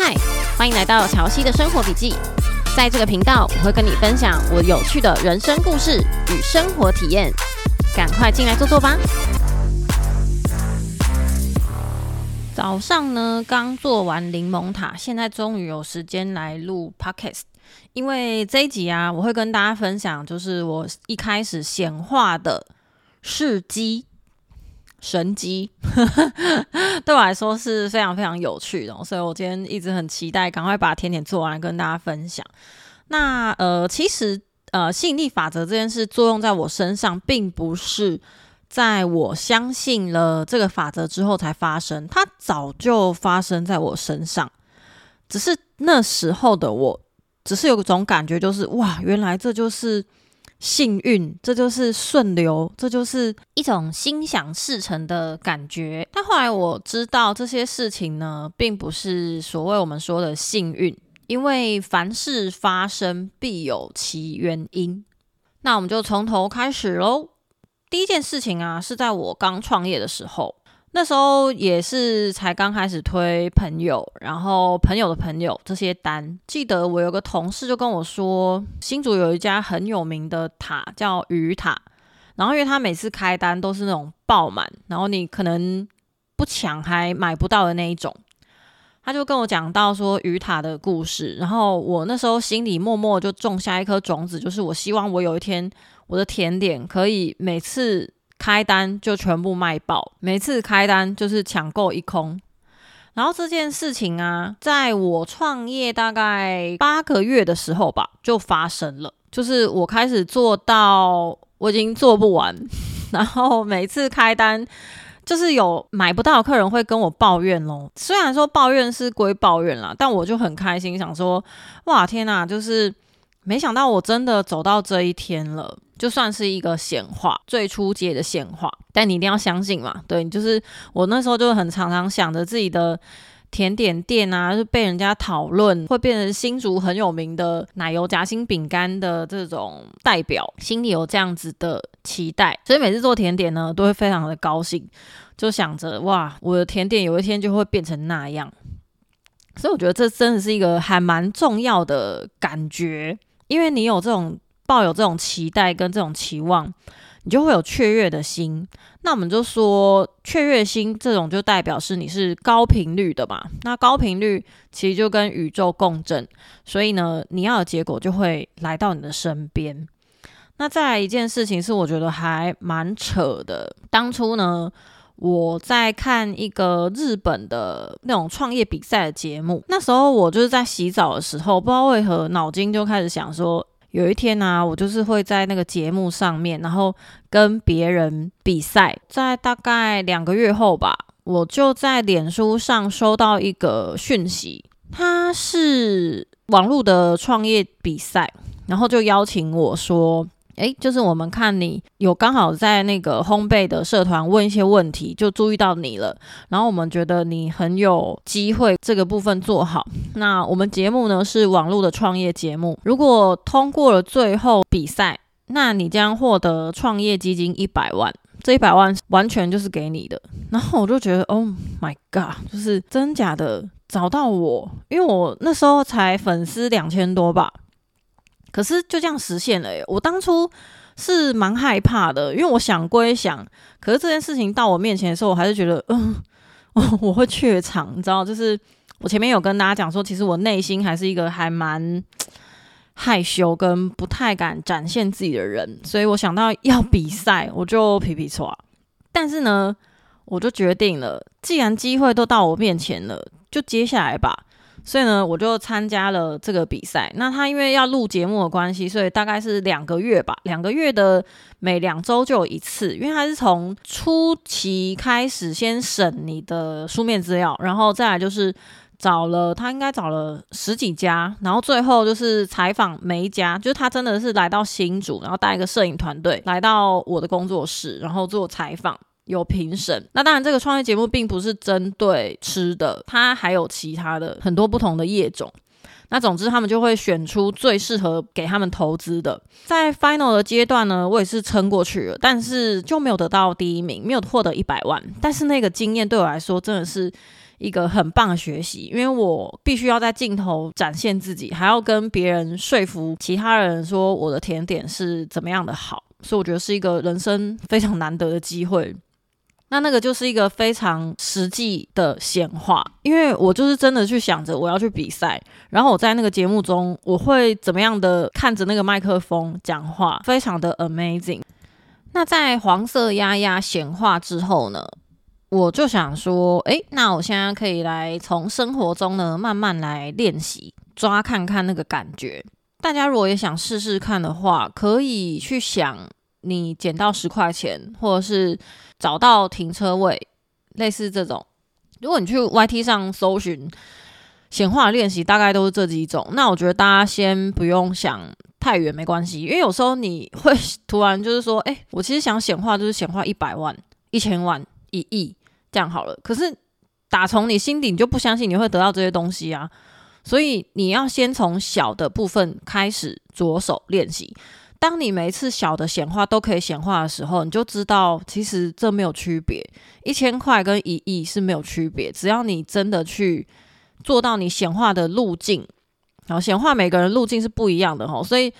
嗨，Hi, 歡迎來到蕎希的生活筆記。在這個頻道，我會跟你分享我有趣的人生故事與生活體驗。趕快進來坐坐吧。早上呢，剛做完檸檬塔，現在終於有時間來錄 podcast。因為這一集啊，我會跟大家分享，就是我一開始顯化的事蹟。神蹟對我來說是非常非常有趣的，所以我今天一直很期待，趕快把甜點做完跟大家分享。那呃，其實呃，吸引力法則這件事作用在我身上，並不是在我相信了這個法則之後才發生，它早就發生在我身上。只是那時候的我，只是有一種感覺，就是哇，原來這就是。幸運，這就是順流，這就是一種心想事成的感覺。但後來我知道這些事情呢，並不是所謂我們說的幸運，因為凡事發生必有其原因。那我們就從頭開始嘍。第一件事情啊，是在我剛創業的時候。那時候也是才剛開始推朋友，然後朋友的朋友這些單。記得我有個同事就跟我說，新竹有一家很有名的塔叫魚塔，然後因為他每次開單都是那種爆滿，然後你可能不搶還買不到的那一種。他就跟我講到說魚塔的故事，然後我那時候心裡默默就種下一顆種子，就是我希望我有一天我的甜點可以每次。開單就全部賣爆，每次開單就是搶購一空。然後這件事情啊，在我創業大概八個月的時候吧，就發生了。就是我開始做到，我已經做不完。然後每次開單，就是有買不到的客人會跟我抱怨咯，雖然說抱怨是歸抱怨啦，但我就很開心，想說：哇，天吶，就是沒想到我真的走到這一天了。就算是一個顯化，最初階的顯化，但你一定要相信嘛。對，就是我那時候就很常常想着自己的甜點店啊，就被人家討論，會變成新竹很有名的奶油夾心餅乾的這種代表，心裡有這樣子的期待，所以每次做甜點呢，都會非常的高興，就想着哇，我的甜點有一天就會變成那樣。所以我覺得這真的是一個還蠻重要的感覺，因為你有這種。抱有這種期待跟這種期望，你就會有雀躍的心。那我們就說雀躍心這種，就代表是你是高頻率的嘛。那高頻率其實就跟宇宙共振，所以呢，你要的結果就會來到你的身邊。那再來一件事情是，我覺得還蠻扯的。當初呢，我在看一個日本的那種創業比賽的節目，那時候我就是在洗澡的時候，不知道為何腦筋就開始想說。有一天呢、啊，我就是會在那個節目上面，然後跟別人比賽。在大概兩個月後吧，我就在臉書上收到一個訊息，它是網絡的創業比賽，然後就邀請我說。誒，就是我們看你有剛好在那個烘焙的社團問一些問題，就注意到你了。然後我們覺得你很有機會這個部分做好。那我們節目呢是網絡的創業節目，如果通過了最後比賽，那你將獲得創業基金一百萬。這一百萬完全就是給你的。然後我就覺得，Oh my God，就是真假的找到我，因為我那時候才粉絲兩千多吧。可是就這樣實現了耶！我當初是蠻害怕的，因為我想歸想，可是這件事情到我面前的時候，我還是覺得，嗯、呃，我我會怯場，你知道？就是我前面有跟大家講說，其實我內心還是一個還蠻害羞跟不太敢展現自己的人，所以我想到要比賽，我就皮皮挫啊。但是呢，我就決定了，既然機會都到我面前了，就接下來吧。所以呢，我就參加了這個比賽。那他因為要錄節目的關係，所以大概是兩個月吧。兩個月的每兩週就有一次，因為他是從初期開始先審你的書面資料，然後再來就是找了他應該找了十幾家，然後最後就是採訪每一家，就是他真的是來到新竹，然後帶一個攝影團隊來到我的工作室，然後做採訪。有評審，那當然這個創業節目並不是針對吃的，它還有其他的很多不同的業種。那總之他們就會選出最適合給他們投資的。在 final 的階段呢，我也是撐過去了，但是就沒有得到第一名，沒有獲得一百萬。但是那個經驗對我來說真的是一個很棒的學習，因為我必須要在鏡頭展現自己，還要跟別人說服其他人說我的甜點是怎麼樣的好。所以我覺得是一個人生非常難得的機會。那那個就是一個非常實際的顯化，因為我就是真的去想着我要去比賽，然後我在那個節目中我會怎麼樣的看着那個麥克風講話，非常的 amazing。那在黃色鴨鴨顯化之後呢，我就想說，誒，那我現在可以來從生活中呢慢慢來練習抓看看那個感覺。大家如果也想試試看的話，可以去想。你撿到十塊錢，或者是找到停車位，類似這種。如果你去 YT 上搜尋顯化練習，大概都是這幾種。那我覺得大家先不用想太遠，沒關係，因為有時候你會突然就是說，哎、欸，我其實想顯化，就是顯化一百萬、一千萬、一億這樣好了。可是打從你心底你就不相信你會得到這些東西啊，所以你要先從小的部分開始着手練習。當你每一次小的顯化都可以顯化的時候，你就知道其實這沒有區別，一千塊跟一億是沒有區別。只要你真的去做到你顯化的路徑，然後顯化每個人路徑是不一樣的。所以，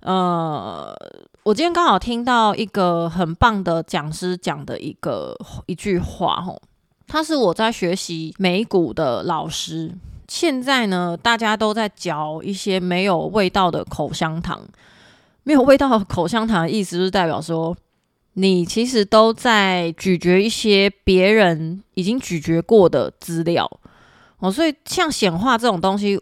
呃，我今天剛好聽到一個很棒的講師講的一個一句話哦，他是我在學習美股的老師。現在呢，大家都在嚼一些沒有味道的口香糖。沒有味道口香糖的意思就是代表說，你其實都在咀嚼一些別人已經咀嚼過的資料哦。所以像顯化這種東西，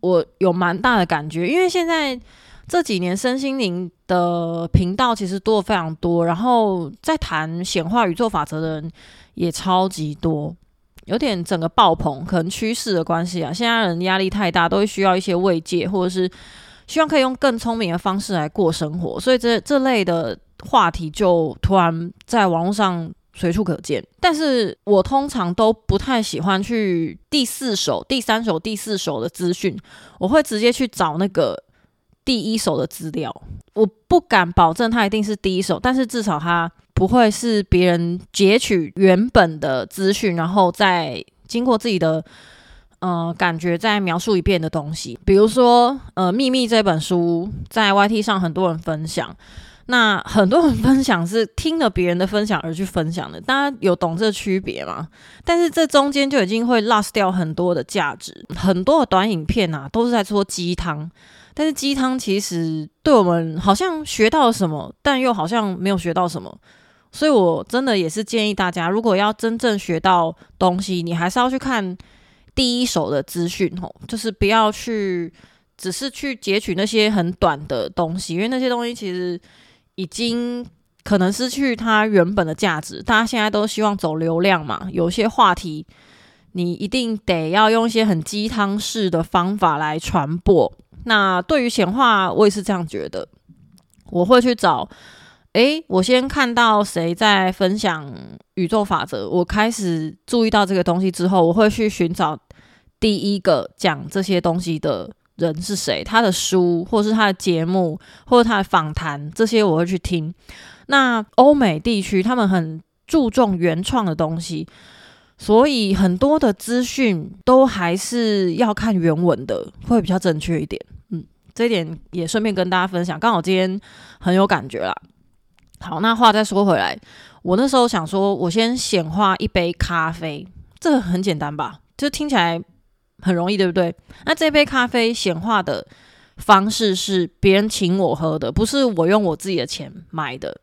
我有蠻大的感覺，因為現在這幾年身心靈的頻道其實多得非常多，然後在談顯化宇宙法則的人也超級多，有點整個爆棚。可能趨勢的關係啊，現在人壓力太大，都會需要一些慰藉，或者是。希望可以用更聰明的方式來過生活，所以這這類的話題就突然在網絡上隨處可見。但是我通常都不太喜歡去第四手、第三手、第四手的資訊，我會直接去找那個第一手的資料。我不敢保證它一定是第一手，但是至少它不會是別人截取原本的資訊，然後再經過自己的。呃，感覺再描述一遍的東西，比如說，呃，《秘密》這本書在 YT 上很多人分享，那很多人分享是聽了別人的分享而去分享的，大家有懂這個區別嗎？但是這中間就已經會 lost 掉很多的價值。很多短影片啊，都是在說雞湯，但是雞湯其實對我們好像學到了什麼，但又好像沒有學到什麼。所以我真的也是建議大家，如果要真正學到東西，你還是要去看。第一手的資訊哦，就是不要去，只是去截取那些很短的東西，因為那些東西其實已經可能失去它原本的價值。大家現在都希望走流量嘛，有些話題你一定得要用一些很雞湯式的方法來傳播。那對於顯化，我也是這樣覺得，我會去找，誒、欸。我先看到誰在分享宇宙法則，我開始注意到這個東西之後，我會去尋找。第一個講這些東西的人是誰？他的書，或者是他的節目，或者他的訪談，這些我會去聽。那歐美地區他們很注重原創的東西，所以很多的資訊都還是要看原文的，會比較正確一點。嗯，這一點也順便跟大家分享。剛好今天很有感覺啦。好，那話再說回來，我那時候想說，我先顯化一杯咖啡，這個很簡單吧？就聽起來。很容易，對不對？那這杯咖啡顯化的方式是別人請我喝的，不是我用我自己的錢買的。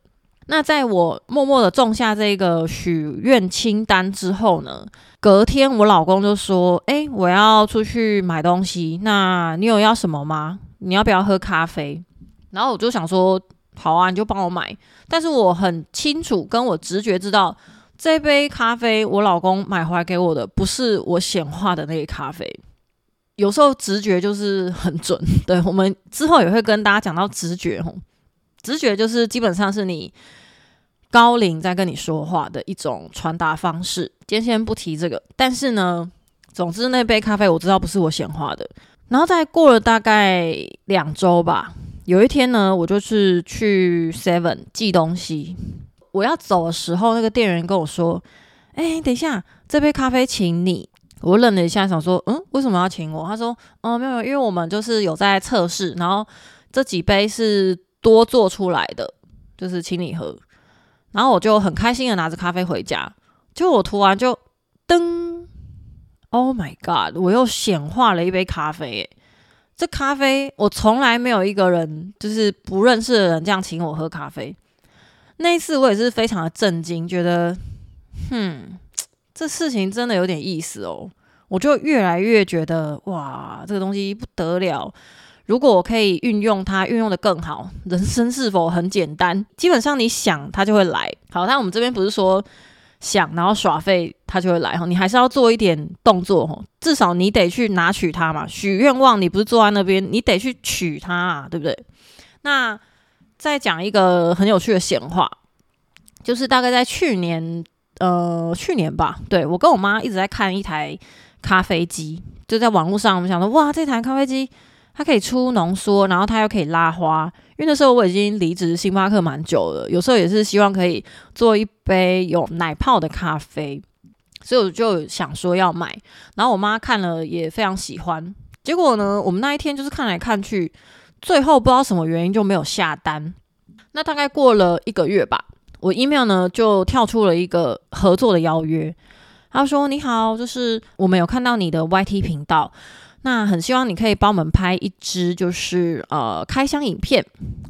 那在我默默的種下這個許願清單之後呢，隔天我老公就說：“誒、欸，我要出去買東西，那你有要什麼嗎？你要不要喝咖啡？”然後我就想說：“好啊，你就幫我買。”但是我很清楚，跟我直覺知道。這杯咖啡，我老公買回來給我的，不是我顯化的那杯咖啡。有時候直覺就是很準，對我們之後也會跟大家講到直覺。直覺就是基本上是你高靈在跟你說話的一種傳達方式。今天先不提這個，但是呢，總之那杯咖啡我知道不是我顯化的。然後再過了大概兩周吧，有一天呢，我就是去 Seven 寄東西。我要走的時候，那個店員跟我說：“哎、欸，等一下，這杯咖啡請你。”我愣了一下，想說：“嗯，為什麼要請我？”他說：“哦、嗯，沒有，因為我們就是有在測試，然後這幾杯是多做出來的，就是請你喝。”然後我就很開心的拿着咖啡回家。就我突然就，噔，Oh my God！我又顯化了一杯咖啡欸。哎，這咖啡我從來沒有一個人，就是不認識的人這樣請我喝咖啡。那一次我也是非常的震驚，覺得，哼，這事情真的有點意思哦。我就越來越覺得，哇，這個東西不得了。如果我可以運用它，運用得更好，人生是否很簡單？基本上你想它就會來。好，但我們這邊不是說想然後耍廢它就會來哈，你還是要做一點動作哦，至少你得去拿取它嘛。許願望你不是坐在那邊，你得去取它啊，對不對？那。再講一個很有趣的顯化，就是大概在去年，呃，去年吧。對，我跟我媽一直在看一台咖啡機，就在網絡上，我們想說，哇，這台咖啡機它可以出濃縮，然後它又可以拉花。因為那時候我已經離職星巴克蠻久了，有時候也是希望可以做一杯有奶泡的咖啡，所以我就想說要買。然後我媽看了也非常喜歡。結果呢，我們那一天就是看來看去。最後不知道什麼原因就沒有下單。那大概過了一個月吧，我 email 呢就跳出了一個合作的邀約。他說：“你好，就是我們有看到你的 YT 頻道，那很希望你可以幫我們拍一支，就是呃開箱影片。”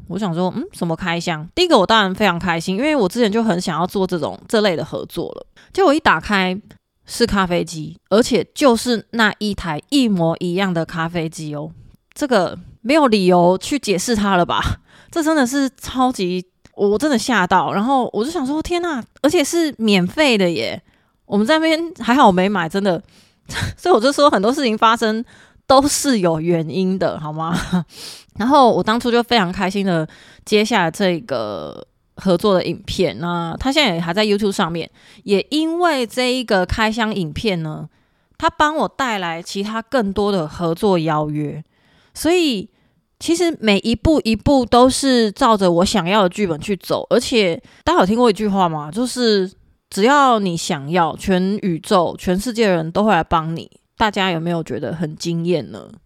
我想說，嗯，什麼開箱？第一個我當然非常開心，因為我之前就很想要做這種這類的合作了。結果一打開是咖啡機，而且就是那一台一模一樣的咖啡機哦，這個。沒有理由去解釋他了吧？這真的是超級，我真的嚇到。然後我就想說，天哪！而且是免費的耶！我們在那邊還好沒買，真的。所以我就說，很多事情發生都是有原因的，好嗎？然後我當初就非常開心的接下來這個合作的影片。那他現在也還在 YouTube 上面，也因為這一個開箱影片呢，他幫我帶來其他更多的合作邀約，所以。其實每一步一步都是照着我想要的劇本去走，而且大家有聽過一句話嗎？就是只要你想要，全宇宙、全世界的人都會來幫你。大家有沒有覺得很驚豔呢？嗯、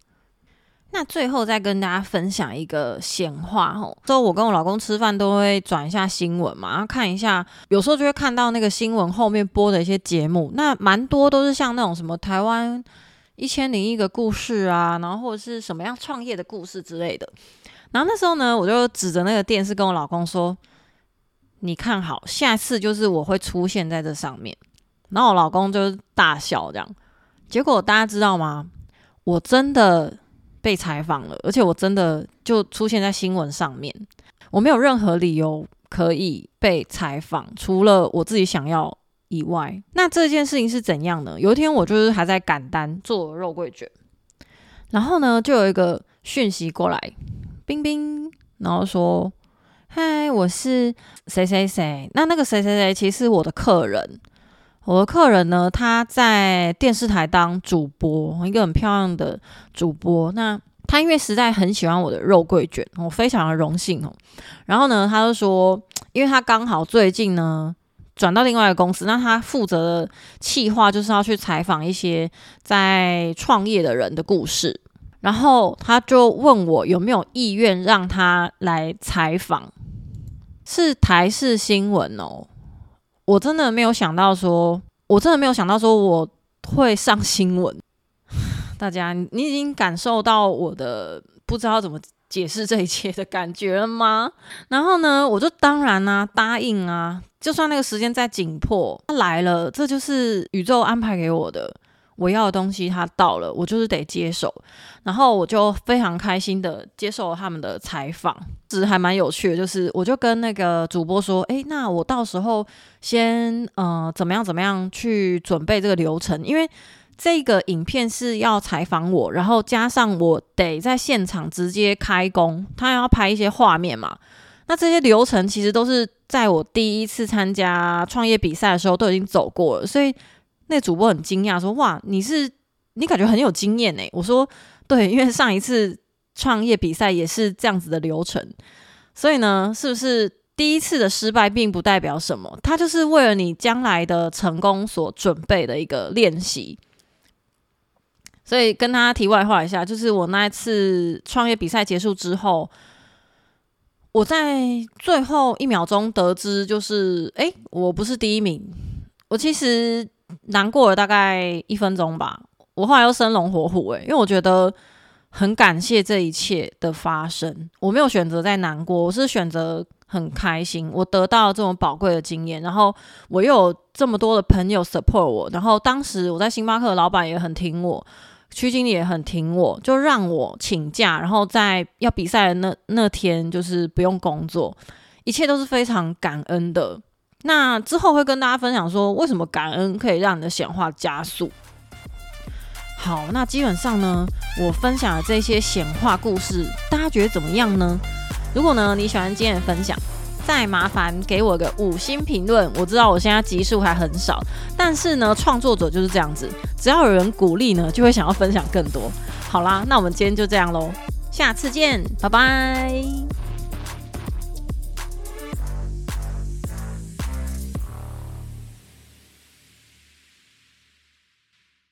那最後再跟大家分享一個閒話哦，之後我跟我老公吃飯都會轉一下新聞嘛，然後看一下，有時候就會看到那個新聞後面播的一些節目，那蠻多都是像那種什麼台灣。一千零一個故事啊，然後或者是什麼樣創業的故事之類的。然後那時候呢，我就指着那個電視跟我老公說：“你看好，下次就是我會出現在這上面。”然後我老公就是大笑這樣。結果大家知道嗎？我真的被採訪了，而且我真的就出現在新聞上面。我沒有任何理由可以被採訪，除了我自己想要。以外，那這件事情是怎樣呢？有一天我就是還在趕單做肉桂卷，然後呢，就有一個訊息過來，冰冰，然後說：“嗨，我是誰誰誰。”那那個誰誰誰其實是我的客人，我的客人呢，他在電視台當主播，一個很漂亮的主播。那他因為實在很喜歡我的肉桂卷，我非常的榮幸哦。然後呢，他就說，因為他剛好最近呢。轉到另外一個公司，那他負責的企劃就是要去採訪一些在創業的人的故事，然後他就問我有沒有意願讓他來採訪，是台視新聞哦，我真的沒有想到說，我真的沒有想到說我會上新聞，大家，你已經感受到我的不知道怎麼。解釋這一切的感覺了嗎？然後呢，我就當然啊答應啊，就算那個時間再緊迫，他來了，這就是宇宙安排給我的，我要的東西他到了，我就是得接受。然後我就非常開心的接受了他們的採訪，其實還蠻有趣的，就是我就跟那個主播說，誒，那我到時候先呃怎麼樣怎麼樣去準備這個流程，因為。這個影片是要採訪我，然後加上我得在現場直接開工，他要拍一些畫面嘛。那這些流程其實都是在我第一次參加創業比賽的時候都已經走過了。所以那主播很驚訝說：“哇，你是你感覺很有經驗誒”。我說：“對，因為上一次創業比賽也是這樣子的流程，所以呢，是不是第一次的失敗並不代表什麼？它就是為了你將來的成功所準備的一個練習。”所以跟大家題外話一下，就是我那一次創業比賽結束之後，我在最後一秒鐘得知，就是哎、欸，我不是第一名。我其實難過了大概一分鐘吧。我後來又生龍活虎、欸，誒，因為我覺得很感謝這一切的發生。我沒有選擇再難過，我是選擇很開心。我得到這種寶貴的經驗，然後我又有這麼多的朋友 support 我，然後當時我在星巴克的老闆也很挺我。曲經理也很挺我，就讓我請假，然後在要比賽的那那天就是不用工作，一切都是非常感恩的。那之後會跟大家分享說，為什麼感恩可以讓你的顯化加速。好，那基本上呢，我分享的這些顯化故事，大家覺得怎麼樣呢？如果呢你喜歡今天的分享，再麻煩給我個五星評論，我知道我現在集數還很少，但是呢，創作者就是這樣子，只要有人鼓勵呢，就會想要分享更多。好啦，那我們今天就這樣嘍，下次見，拜拜。